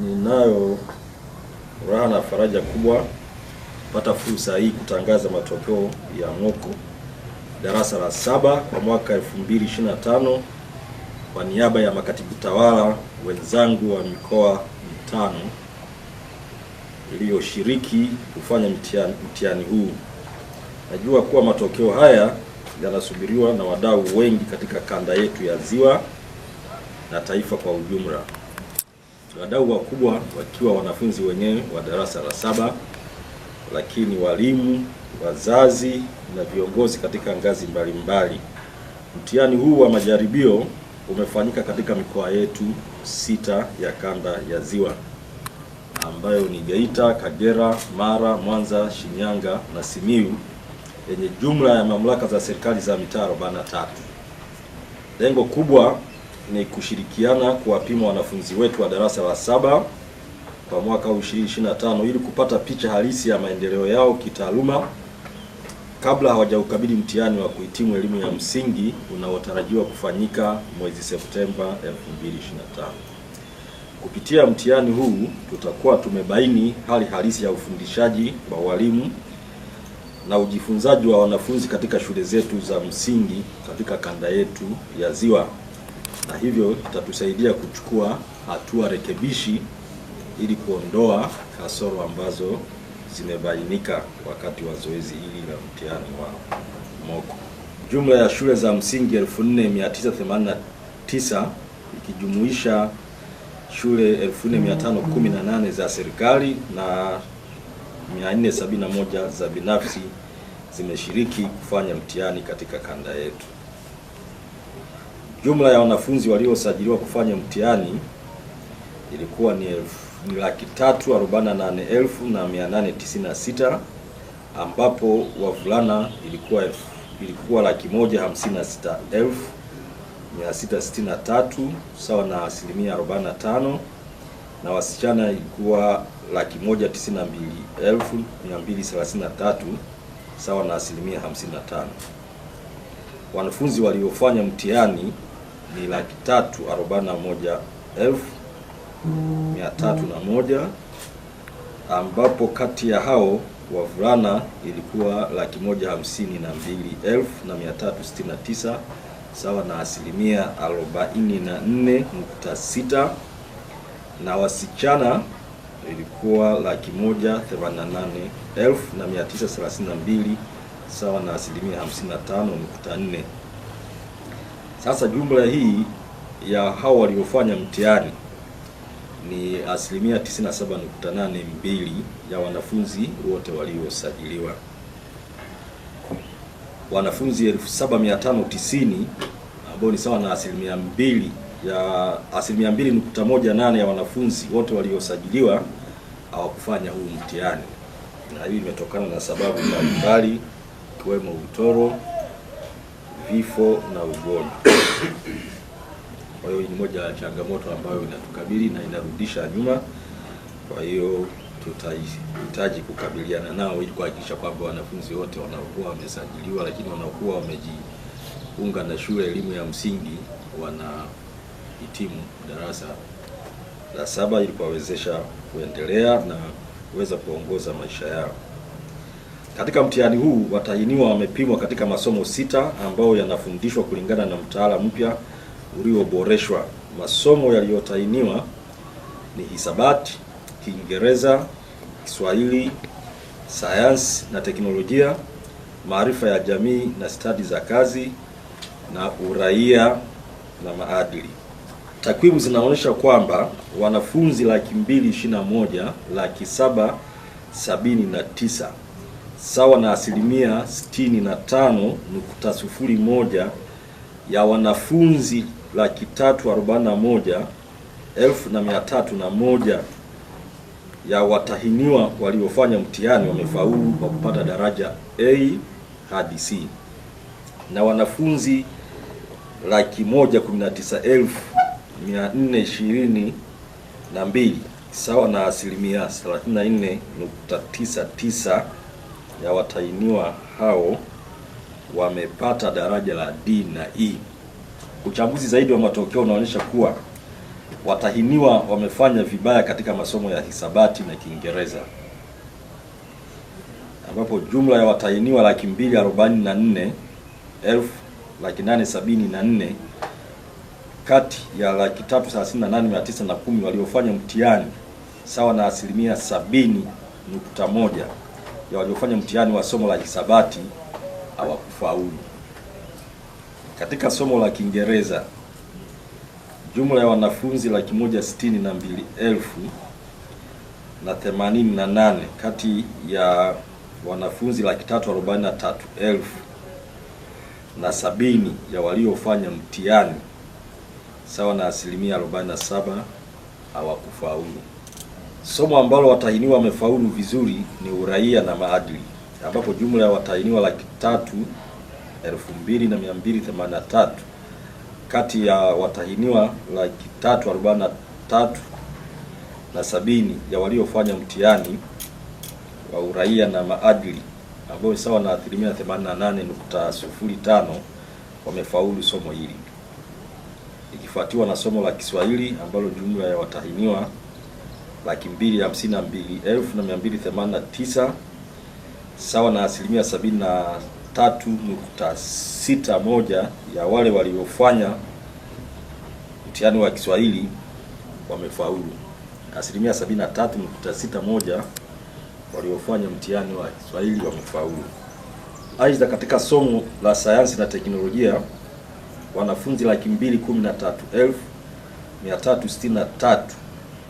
Ninayo raha na faraja kubwa kupata fursa hii kutangaza matokeo ya ngoko darasa la saba kwa mwaka 2025 kwa niaba ya makatibu tawala wenzangu wa mikoa mitano iliyoshiriki kufanya mtihani huu. Najua kuwa matokeo haya yanasubiriwa na wadau wengi katika kanda yetu ya Ziwa na taifa kwa ujumla wadau wakubwa wakiwa wanafunzi wenyewe wa darasa la saba, lakini walimu, wazazi na viongozi katika ngazi mbalimbali. Mtihani huu wa majaribio umefanyika katika mikoa yetu sita ya kanda ya Ziwa ambayo ni Geita, Kagera, Mara, Mwanza, Shinyanga na Simiyu yenye jumla ya mamlaka za serikali za mitaa 43. Lengo kubwa ni kushirikiana kuwapima wanafunzi wetu wa darasa la saba kwa mwaka 2025 ili kupata picha halisi ya maendeleo yao kitaaluma kabla hawajaukabili mtihani wa kuhitimu elimu ya msingi unaotarajiwa kufanyika mwezi Septemba 2025. Kupitia mtihani huu tutakuwa tumebaini hali halisi ya ufundishaji wa walimu na ujifunzaji wa wanafunzi katika shule zetu za msingi katika kanda yetu ya Ziwa na hivyo itatusaidia kuchukua hatua rekebishi ili kuondoa kasoro ambazo zimebainika wakati wa zoezi hili la mtihani wa moko. Jumla ya shule za msingi 4989 ikijumuisha shule 4518 za serikali na 471 za binafsi zimeshiriki kufanya mtihani katika kanda yetu. Jumla ya wanafunzi waliosajiliwa kufanya mtihani ilikuwa ni ni laki tatu arobaini na nane elfu na mia nane tisini na sita ambapo wavulana ilikuwa ilikuwa laki moja hamsini na sita elfu mia sita sitini na tatu sawa na asilimia arobaini na tano na wasichana ilikuwa laki moja tisini na mbili elfu mia mbili thelathini na tatu sawa na asilimia hamsini na tano. Wanafunzi waliofanya mtihani ni laki tatu arobaini na moja elfu mia tatu na moja ambapo kati ya hao wavulana ilikuwa laki moja hamsini na mbili elfu na mia tatu sitini na tisa sawa na asilimia arobaini na nne nukta sita na wasichana ilikuwa laki moja themanini na nane elfu na mia tisa thelathini na mbili sawa na asilimia hamsini na tano nukta nne. Sasa jumla hii ya hao waliofanya mtihani ni asilimia 97.82 ya wanafunzi wote waliosajiliwa. Wanafunzi 7590 ambao ni sawa na asilimia mbili ya asilimia mbili nukta moja nane ya wanafunzi wote waliosajiliwa hawakufanya huu mtihani, na hii imetokana na sababu mbalimbali ikiwemo utoro vifo na ugonjwa. Kwa hiyo ni moja ya changamoto ambayo inatukabili na inarudisha nyuma, kwa hiyo tutahitaji kukabiliana nao ili kuhakikisha kwamba wanafunzi wote wanaokuwa wamesajiliwa, lakini wanaokuwa wamejiunga na shule elimu ya msingi wanahitimu darasa la saba ili kuwawezesha kuendelea na kuweza kuongoza maisha yao. Katika mtihani huu watahiniwa wamepimwa katika masomo sita ambayo yanafundishwa kulingana na mtaala mpya ulioboreshwa. Masomo yaliyotahiniwa ni hisabati, Kiingereza, Kiswahili, sayansi na teknolojia, maarifa ya jamii na stadi za kazi, na uraia na maadili. Takwimu zinaonyesha kwamba wanafunzi laki mbili ishirini na moja laki saba sabini na tisa sawa na asilimia 65.01 ya wanafunzi laki tatu arobaini na moja elfu na mia tatu na moja ya watahiniwa waliofanya mtihani wamefaulu kwa kupata daraja A hadi C na wanafunzi laki moja kumi na tisa elfu mia nne ishirini na mbili sawa na asilimia 34.99 ya watahiniwa hao wamepata daraja la D na E. Uchambuzi zaidi wa matokeo unaonyesha kuwa watahiniwa wamefanya vibaya katika masomo ya hisabati na Kiingereza ambapo jumla ya watahiniwa laki mbili arobaini na nne elfu laki nane sabini na nne kati ya laki tatu thelathini na nane mia tisa na kumi waliofanya mtihani sawa na asilimia sabini nukta moja ya waliofanya mtihani wa somo la hisabati hawakufaulu. Katika somo la Kiingereza jumla ya wanafunzi laki moja sitini na mbili elfu na themanini na nane kati ya wanafunzi laki tatu arobaini na tatu elfu na sabini ya waliofanya mtihani sawa na asilimia arobaini na saba hawakufaulu. Somo ambalo watahiniwa wamefaulu vizuri ni uraia na maadili, ambapo jumla ya watahiniwa laki tatu elfu mbili na mia mbili themanini na tatu kati ya watahiniwa laki tatu arobaini na tatu na sabini ya waliofanya mtihani wa uraia na maadili ambayo sawa na asilimia 88.05 wamefaulu somo hili, ikifuatiwa na somo la Kiswahili ambalo jumla ya watahiniwa laki mbili hamsini na mbili elfu na mia mbili themanini na tisa sawa na asilimia sabini na tatu nukta sita moja ya wale waliofanya mtihani wa Kiswahili wamefaulu. Asilimia sabini na tatu nukta sita moja waliofanya mtihani wa Kiswahili wamefaulu. Aidha, katika somo la sayansi na teknolojia wanafunzi laki mbili kumi na tatu elfu mia tatu sitini na tatu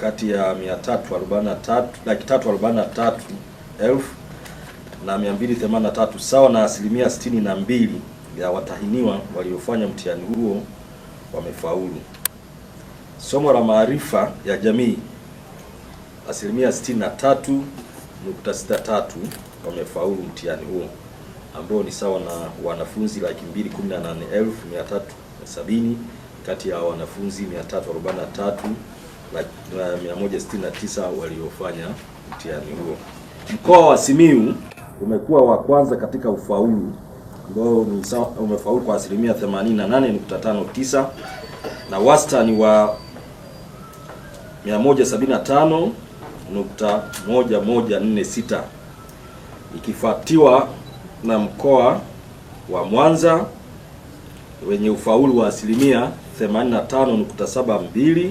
kati ya laki tatu arobaini na tatu elfu na 283 sawa na asilimia 62 ya watahiniwa waliofanya mtihani huo wamefaulu. Somo la maarifa ya jamii asilimia 63.63 wamefaulu mtihani huo ambao ni sawa na wanafunzi laki mbili kumi na nane elfu mia tatu sabini kati ya wanafunzi 343 169 waliofanya mtihani huo. Mkoa wa Simiyu umekuwa wa kwanza katika ufaulu ambao umefaulu kwa asilimia 88.59 na wastani wa 175.1146 ikifuatiwa na mkoa wa Mwanza wenye ufaulu wa asilimia 85.72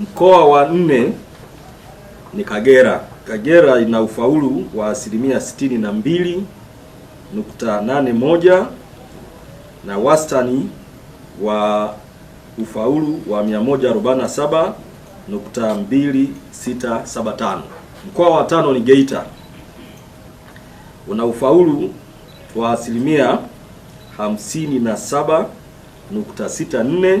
Mkoa wa nne ni Kagera. Kagera ina ufaulu wa asilimia sitini na mbili nukta nane moja na wastani wa ufaulu wa 147.2675. Mkoa wa tano ni Geita, una ufaulu wa asilimia 57.64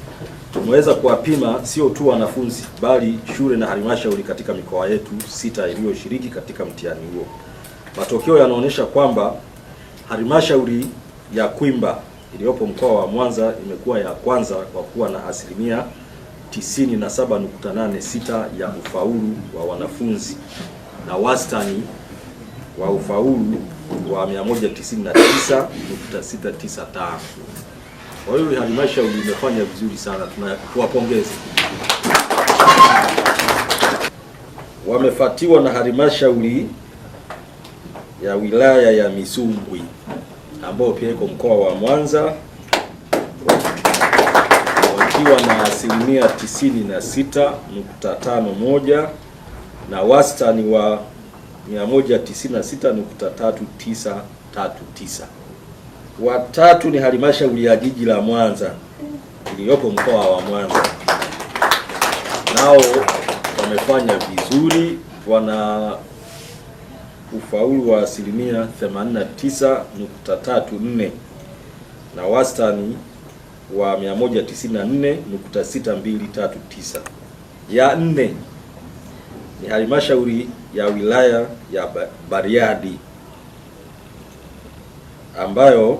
tumeweza kuwapima sio tu wanafunzi bali shule na halmashauri katika mikoa yetu sita iliyoshiriki katika mtihani huo. Matokeo yanaonyesha kwamba halmashauri ya Kwimba iliyopo mkoa wa Mwanza imekuwa ya kwanza kwa kuwa na asilimia 97.86 ya ufaulu wa wanafunzi na wastani wa ufaulu wa 199.695. Kwa hiyo halmashauri imefanya vizuri sana, tuwapongeze. Wamefatiwa na halmashauri ya wilaya ya misungwi ambayo pia iko mkoa wa Mwanza wakiwa na asilimia 96.51 na wastani wa 196.3939 watatu ni halmashauri ya jiji la Mwanza iliyoko mkoa wa Mwanza, nao wamefanya vizuri, wana ufaulu wa asilimia 89.34 na wastani wa 194.6239. Ya nne ni halmashauri ya wilaya ya Bariadi ambayo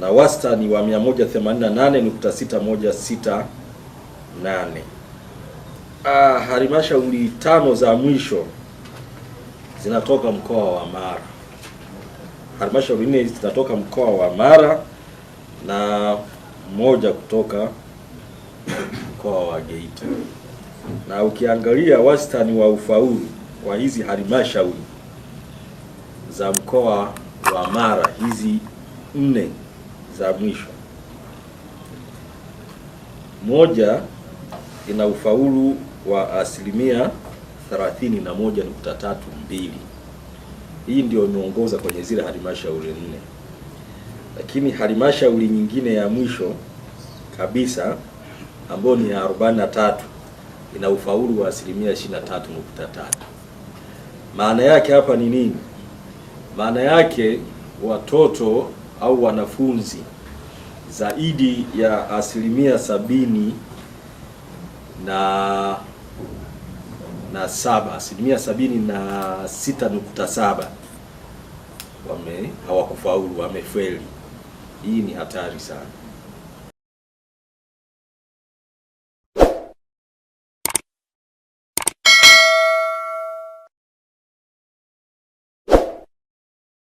na wastani wa 188.6168. Ah, halmashauri tano za mwisho zinatoka mkoa wa Mara. Halmashauri nne zinatoka mkoa wa Mara na moja kutoka mkoa wa Geita. Na ukiangalia wastani wa ufaulu wa hizi halmashauri za mkoa wa Mara hizi nne za mwisho. Moja ina ufaulu wa asilimia 31.32. Hii ndio imeongoza kwenye zile halmashauri nne, lakini halmashauri nyingine ya mwisho kabisa ambayo ni ya 43 ina ufaulu wa asilimia 23.3. Maana yake hapa ni nini? Maana yake watoto au wanafunzi zaidi ya asilimia sabini na na saba asilimia sabini na sita nukta saba wame hawakufaulu, wamefeli. Hii ni hatari sana.